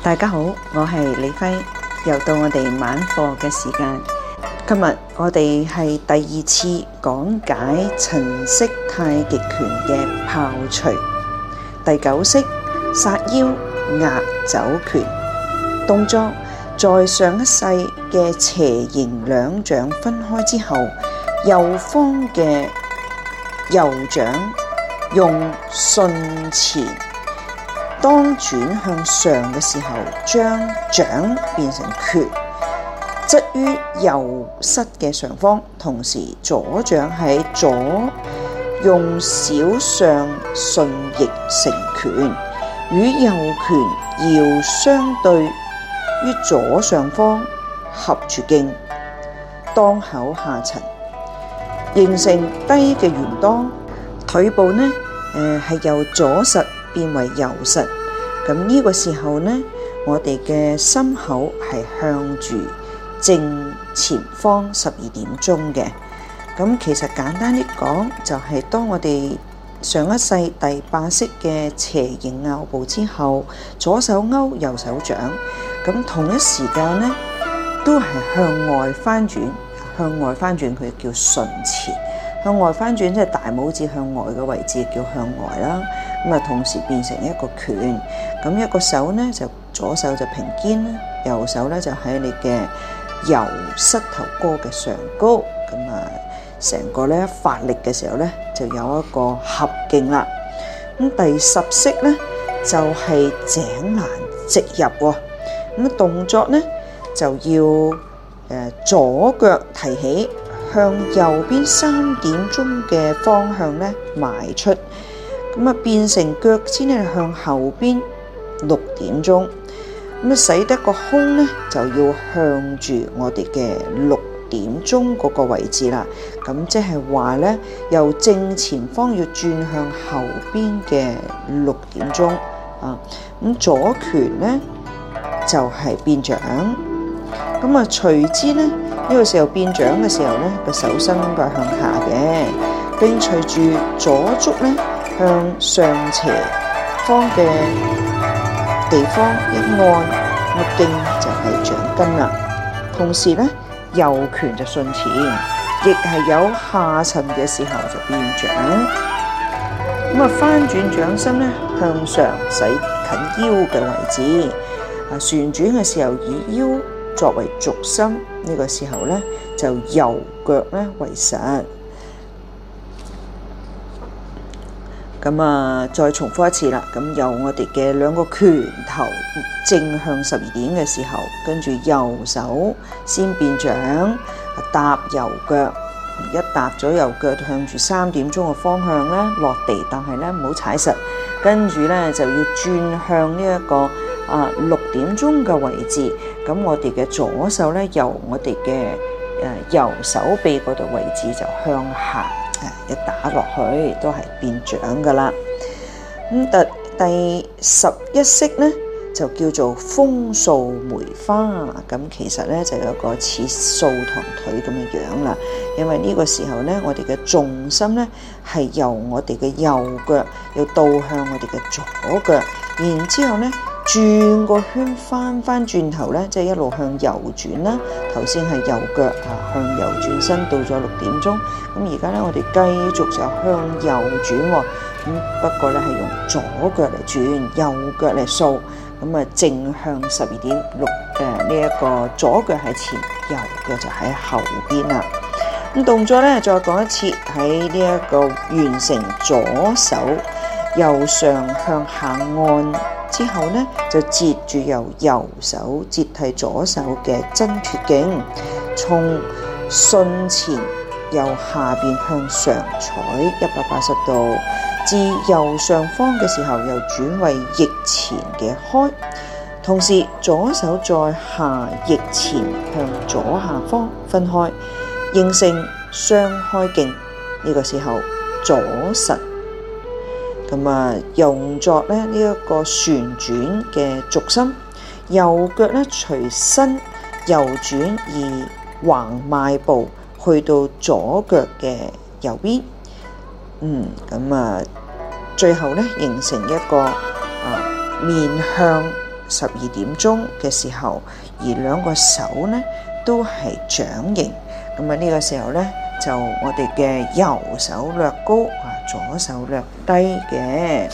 大家好，我係李輝，又到我哋晚課嘅時間。今日我哋係第二次講解陳式太極拳嘅炮捶第九式煞腰壓肘拳動作，在上一式嘅斜形兩掌分開之後，右方嘅右掌用順纏。當轉向上嘅時候，將掌變成拳，側於右膝嘅上方，同時左掌喺左，用小上順逆成拳，與右拳遙相對於左上方合住勁，當口下沉，形成低嘅圓襠，腿部呢，誒係由左實，變為右實，咁呢個時候呢，我哋嘅心口係向住正前方十二點鐘嘅。咁其實簡單啲講，就係、是、當我哋上一世第八式嘅斜形拗步之後，左手勾，右手掌，咁同一時間呢，都係向外翻轉，向外翻轉，佢叫順纏。向外翻轉，即係大拇指向外嘅位置叫向外啦，咁啊同時變成一個拳，咁一個手咧就左手就平肩，右手咧就喺你嘅右膝頭哥嘅上高，咁啊成個咧發力嘅時候咧就有一個合勁啦。咁第十式咧就係井欄直入，咁動作咧就要誒左腳提起。向右邊三點鐘嘅方向咧邁出，咁啊變成腳尖咧向後邊六點鐘，咁啊使得個胸咧就要向住我哋嘅六點鐘嗰個位置啦。咁即係話咧由正前方要轉向後邊嘅六點鐘啊。咁左拳咧就係變掌，咁啊隨之咧。呢個時候變掌嘅時候咧，呢個手心應該向下嘅，跟隨住左足咧向上斜方嘅地方一按，個勁就係掌根啦。同時咧，右拳就順前，亦係有下沉嘅時候就變掌。咁、嗯、啊翻轉掌心咧向上，使近腰嘅位置啊旋轉嘅時候以腰作為軸心呢，這個時候呢，就右腳咧為實。咁啊，再重複一次啦。咁由我哋嘅兩個拳頭正向十二點嘅時候，跟住右手先變掌，踏右腳，一踏咗右腳向住三點鐘嘅方向呢落地，但係呢，唔好踩實，跟住呢，就要轉向呢、這、一個。啊，六點鐘嘅位置，咁我哋嘅左手咧，由我哋嘅誒右手臂嗰度位置就向下誒、呃、一打落去，都係變掌噶啦。咁、嗯、第第十一式咧，就叫做風掃梅花。咁其實咧就有一個似掃堂腿咁嘅樣啦。因為呢個時候咧，我哋嘅重心咧係由我哋嘅右腳要倒向我哋嘅左腳，然之後咧。轉個圈，返返轉頭呢，即係一路向右轉啦。頭先係右腳啊，向右轉身到咗六點鐘。咁而家呢，我哋繼續就向右轉，咁不過呢，係用左腳嚟轉，右腳嚟掃。咁啊，正向十二點六誒，呢一個左腳喺前，右腳就喺後邊啦。咁動作呢，再講一次，喺呢一個完成左手右上向下按。之後呢，就接住由右手接替左手嘅真缺勁，從順前由下邊向上採一百八十度，至右上方嘅時候，又轉為逆前嘅開，同時左手在下逆前向左下方分開，形成雙開勁。呢個時候左實。咁啊，用作咧呢一個旋轉嘅軸心，右腳咧隨身右轉而橫邁步去到左腳嘅右邊，嗯，咁啊，最後咧形成一個啊面向十二點鐘嘅時候，而兩個手咧都係掌形，咁啊呢個時候咧。就我哋嘅右手略高啊，左手略低嘅。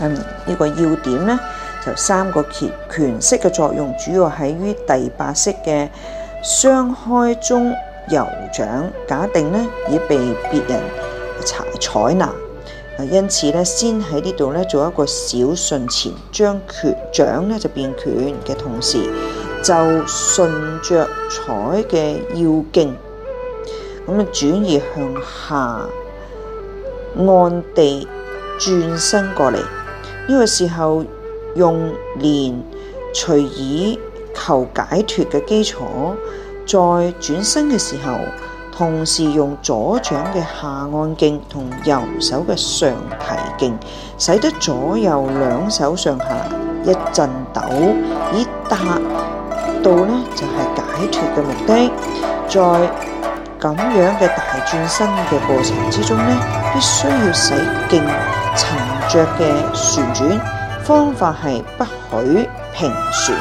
嗯，呢、這個要點呢，就三個拳，拳式，嘅作用主要喺於第八式嘅雙開中游掌。假定呢已被別人採採納，因此呢先喺呢度呢做一個小順前，將拳掌呢就變拳嘅同時，就順着彩嘅要勁。咁啊，轉而向下按地轉身過嚟，呢個時候用連隨以求解脫嘅基礎，再轉身嘅時候，同時用左掌嘅下按勁同右手嘅上提勁，使得左右兩手上下一震抖，以達到呢就係解脫嘅目的。再咁樣嘅大轉身嘅過程之中呢，必須要使勁沉着嘅旋轉，方法係不許平旋，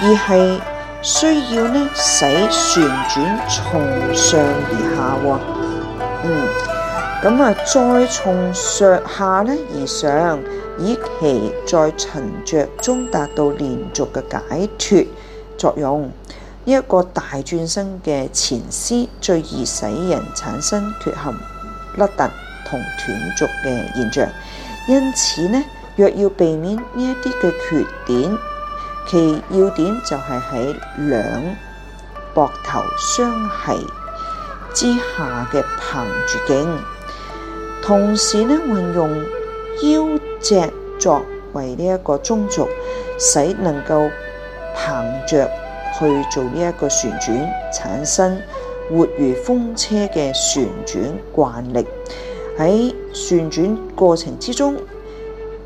而係需要呢使旋轉從上而下，嗯，咁啊再從上下呢而上，以期在沉着中達到連續嘅解脱作用。一個大轉身嘅前絲最易使人產生缺陷、凹凸同斷續嘅現象，因此呢，若要避免呢一啲嘅缺點，其要點就係喺兩膊頭相係之下嘅掤住勁，同時呢，運用腰脊作為呢一個中軸，使能夠掤着。去做呢一個旋轉，產生活如風車嘅旋轉慣力。喺旋轉過程之中，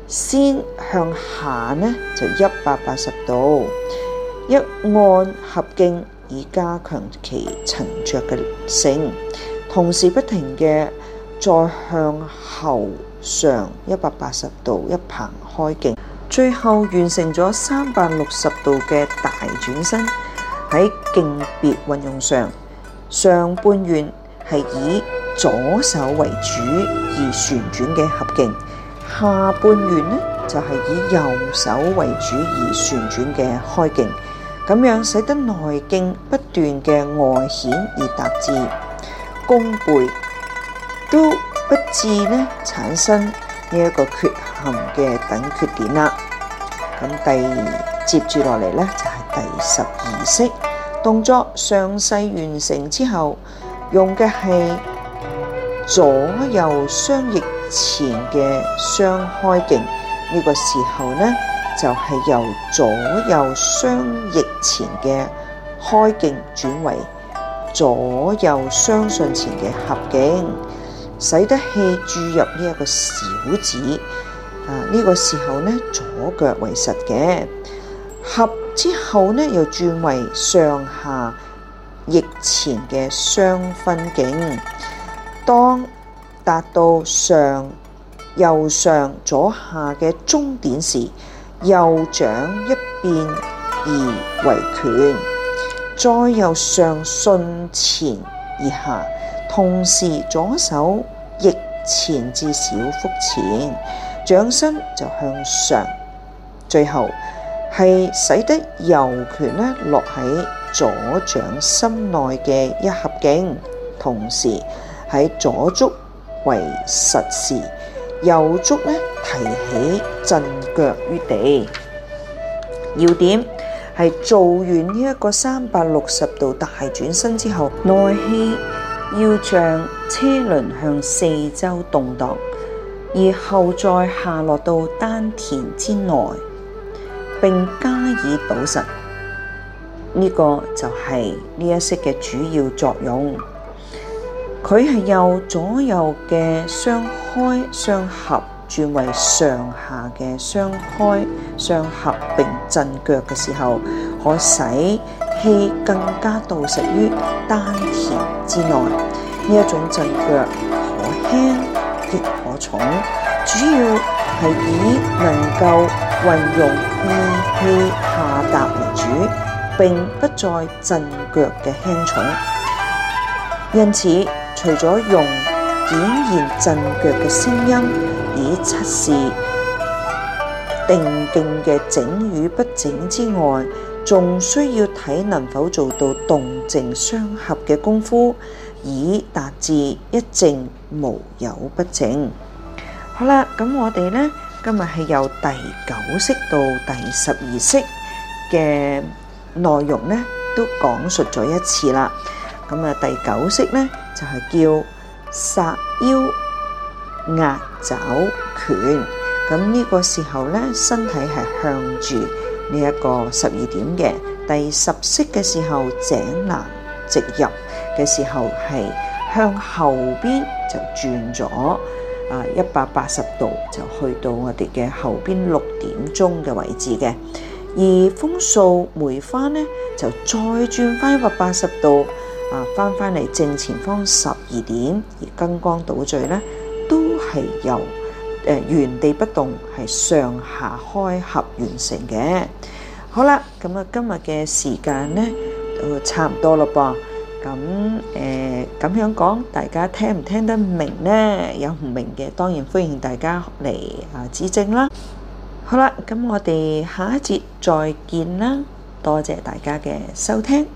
先向下呢就一百八十度，一按合徑以加強其沉着嘅性，同時不停嘅再向後上一百八十度，一棚開徑。最後完成咗三百六十度嘅大轉身。喺勁別運用上，上半圓係以左手為主而旋轉嘅合勁，下半圓呢就係、是、以右手為主而旋轉嘅開勁。咁樣使得內勁不斷嘅外顯而達至弓背都不致呢產生呢一個缺。含嘅等缺點啦。咁第接住落嚟咧，就係、是、第十二式動作上細完成之後，用嘅係左右雙翼前嘅雙開勁。呢、這個時候咧，就係、是、由左右雙翼前嘅開勁轉為左右雙順前嘅合勁，使得氣注入呢一個小指。啊！呢、這個時候咧，左腳為實嘅合之後咧，又轉為上下逆前嘅雙分景。當達到上右上左下嘅終點時，右掌一變而為拳，再由上順前而下，同時左手逆前至小腹前。掌身就向上，最後係使得右拳咧落喺左掌心內嘅一合勁，同時喺左足為實時，右足咧提起震腳於地。要點係做完呢一個三百六十度大轉身之後，內氣要像車輪向四周動蕩。而後再下落到丹田之內，並加以補實，呢個就係呢一式嘅主要作用。佢係由左右嘅雙開雙合轉為上下嘅雙開雙合，並震腳嘅時候，可使氣更加到實於丹田之內。呢一種震腳可輕易。重主要係以能夠運用意氣下達為主，並不再震腳嘅輕重。因此，除咗用檢驗震腳嘅聲音以測試定勁嘅整與不整之外，仲需要睇能否做到動靜相合嘅功夫，以達至一靜無有不靜。好啦，咁我哋呢今日係由第九式到第十二式嘅內容呢，都講述咗一次啦。咁啊，第九式呢就係叫殺腰壓肘拳，咁呢個時候呢身體係向住呢一個十二點嘅。第十式嘅時候，井欄直入嘅時候係向後邊就轉咗。啊，一百八十度就去到我哋嘅後邊六點鐘嘅位置嘅，而風掃梅花咧，就再轉翻一百八十度，啊，翻翻嚟正前方十二點，而金剛搗碓咧都係由誒，原地不動係上下開合完成嘅。好啦，咁啊，今日嘅時間咧就差唔多啦噃。咁誒，咁樣講，大家聽唔聽得明呢？有唔明嘅，當然歡迎大家嚟啊指正啦。好啦，咁我哋下一節再見啦，多謝大家嘅收聽。